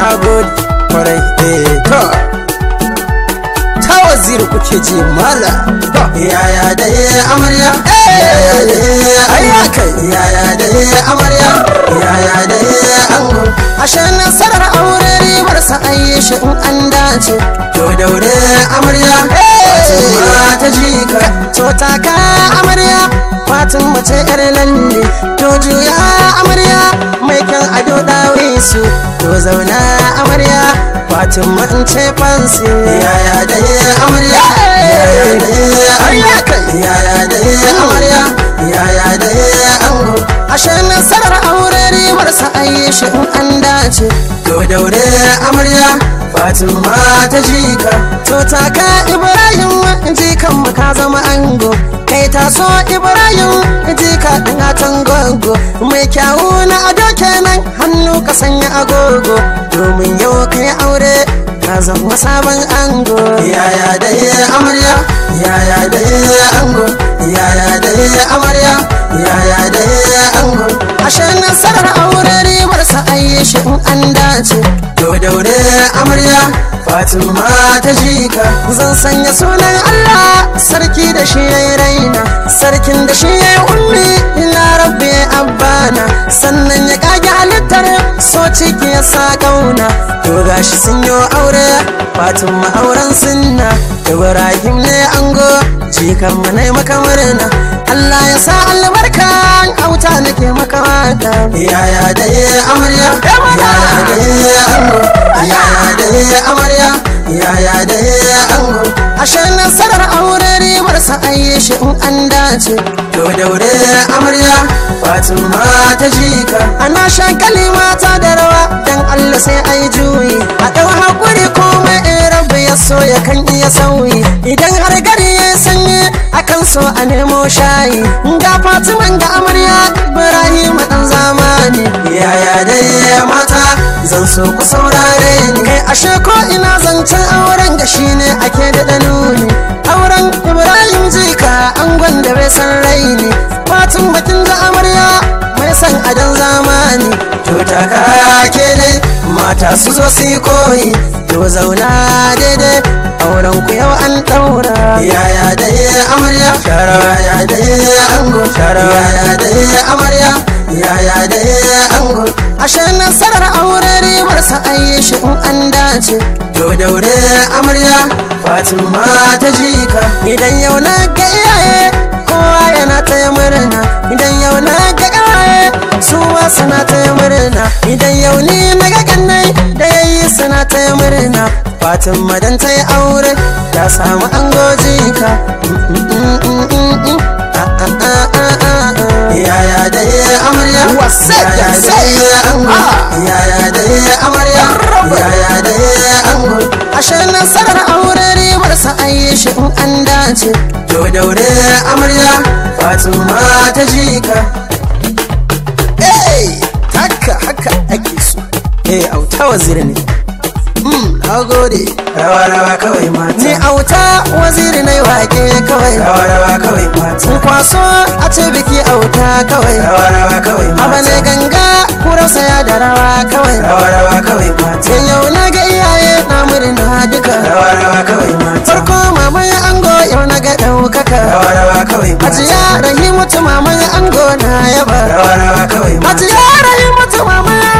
na gode kwarai eh to ta waziri kuke ji mala yaya da amarya yaya da ayya kai yaya da amarya yaya da ango ashe nasarar aure ribar sa ayi shi in an dace to daure amarya ta ji jika to taka amarya fatin mace yar lalle to juya amarya zauna amarya fatima in ce fansi yaya da yi amarya yaya da yi amarya yaya da amarya yaya da ango ashe nasarar aure ribar sa ayi shi in an dace to daure amarya fatima ta jika to taka ibrahim jikan mu ka zama ango kai taso ibrahim jika ɗin a tango mai kyawu na ado kenan hannu ka sanya agogo domin yau ka yi aure ka zama sabon ango yaya da yi amarya yaya da yi ango yaya da yi amarya yaya da yi ango ashe nasarar aure ribar sa ayyashi in an dace fatima ta jika zan sanya sunan allah sarki da shi ya raina sarkin da shi ya ummi ila rabbi abbana sannan ya kage halittar so ciki ya sa kauna to gashi sun yi aure fatima auren sunna ibrahim ne ango jikan mu ne maka murna allah ya sa albarkan auta nake maka wata yaya da ya amarya yaya da ya ango yaya ne amarya yaya da ya ango ashe nasarar aure ribar sa aye shi in an dace to daure amarya fatima ta jika ana kalima ta da rawa dan allah sai ai juyi a ɗau hakuri komai in rabu ya so ya kan iya sauyi idan har gari ya sanye akan so a nemo shayi ga fatiman da amarya ibrahim dan zamani yaya ya mata zan so ku saurare ni kai ashe ko ina zancen auren ga ne ake daɗa nuni auren ibrahim jika angon da bai san raini fatin bakin da amarya mai san adon zamani to ta ke dai mata su zo su koyi to zauna daidai auren ku yau an ɗaura yaya dai amarya shara ya dai ango shara ya dai amarya yaya da ango ashe nasarar aure ribar sa yi shi in an dace to daure amarya fatima ta jika idan yau na ga iyaye kowa yana ta murna idan yau na ga iyaye su ma suna ta murna idan yau ni na ga kannai da ya yi suna ta murna fatima dan ta yi aure ta samu ango jika mm, mm, mm, wasa da da amarya da ashe nasarar aure ribar sa ayi shi in an dace to daure amarya fatima ta jika eh haka haka ake so eh auta wazir ne nagode rawa rawa kawai mata ni auta waziri nai wake kawai rawa rawa kawai mata sun kwaso a ce biki auta kawai rawa rawa kawai mata ne ganga kurasa ya da rawa kawai rawa rawa kawai mata yau na ga iyaye na murna duka rawa rawa kawai mata farko mama ya ango yau na ga daukaka rawa rawa kawai mata ajiya rahimu ta mama ya ango na yaba rawa rawa kawai mata ajiya rahimu ta mama ya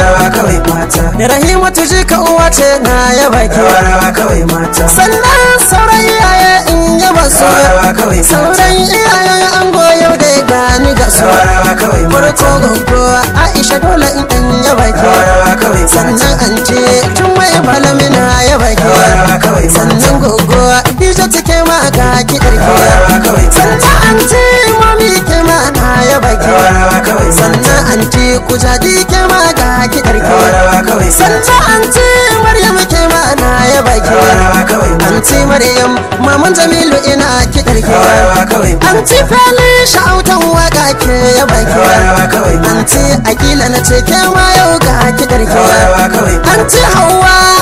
rawa kawai mata da rahima tuji ka uwa ce na yaba ke rawa rawa kawai mata sannan sauran iyaye in ba su rawa kawai sauran iyayen an goyo da gani ga su rawa rawa kawai mata farko gungo Aisha dole in yaba ke rawa rawa kawai mata sannan an ce tun mai ba sanda anti maryam ke mana ya baki anti maryam maman jamilu ina ki ke anti fali sha'autan waka ke ya baki anti ce akila na ce ke ma yau ga ki ke anti hawa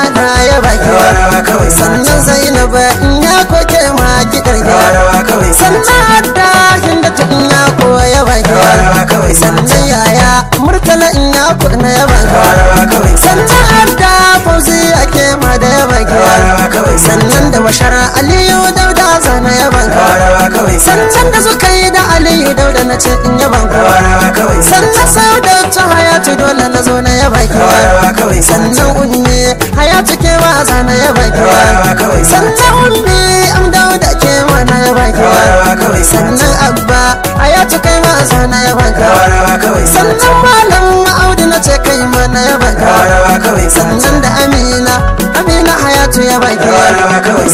ma da yaban ka sannan da bashara aliyu dauda zana yaban ka sannan da suka yi da aliyu dauda na ce in yaban ka sannan sau da ta hayatu dole na zo na yaban ka sannan unni hayatu kewa zana yaban ka sannan unni an dauda kewa na yaban ka sannan abba hayatu kai ma zana yaban ka sannan malam ma'audi na ce kai ma na yaban ka sannan da amina amina hayatu ya baki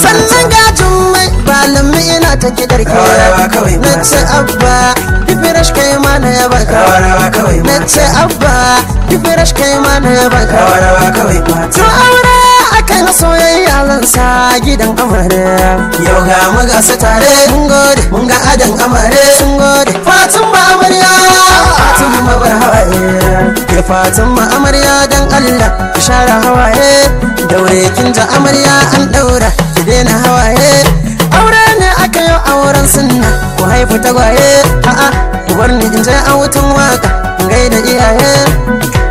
sannan gajin mai balimi ina ta kidar ki na ce abba kifirash kai mana ya baki na ce abba kifirash kai mana ya baki to aure akan soyayya zan sa gidan amare yau ga mu gasa tare mun gode mun ga adan amare sun gode fatin ba amarya kuma bar hawaye ke fatan ma amarya dan Allah ki share hawaye daure kin ja amarya an daura ki daina hawaye aure ne aka yi auren sunna ku haifu tagwaye a'a ku bar ni in je a wutan waka in gaida iyaye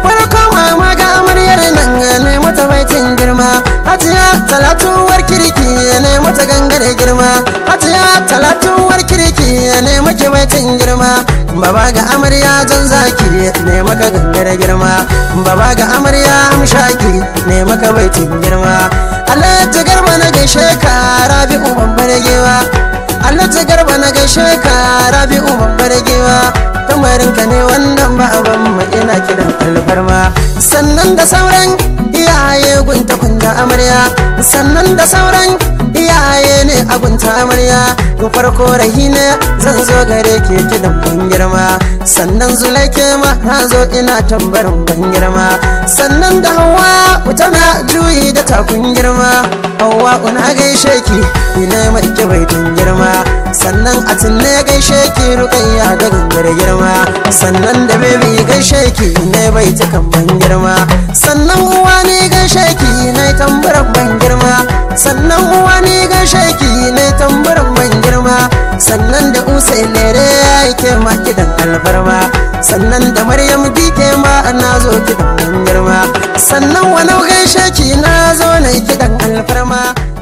farko mama ga amaryar nan ne mata baitin girma hajiya talatuwar kirki ne mata gangare girma hajiya talatuwar kirki ne maki baitin girma baba ga amarya jan zaki ne maka gangar girma baba ga amarya amshaki ne maka baiti girma Allah ta garba na gaishe ka rabi'u babbar gewa Allah ta garba na gaishe ka rabi'u babbar gewa ka ne wannan ba ma ina kiran alfarma sannan da sauran iyaye gunta kunda amarya sannan da sauran abun tamarya ku farko rahina zan zo gare ke kidan ban girma sannan zulaike ma na zo ina tambarin ban girma sannan da hawa tana juyi da takun girma hawa una gaishe ki ina mai kibaitin girma sannan a tunne gaishe ki rukayya da gangar girma sannan da bebe gaishe ki ne bai tukan ban girma sannan uwa ne gaishe ki ina tambarin ban girma sannan uwa ne gaishe ki kidan alfarma sannan da maryam bike ma na zo kiɗan an sannan wani gaishe ki na zo na kiɗan alfarma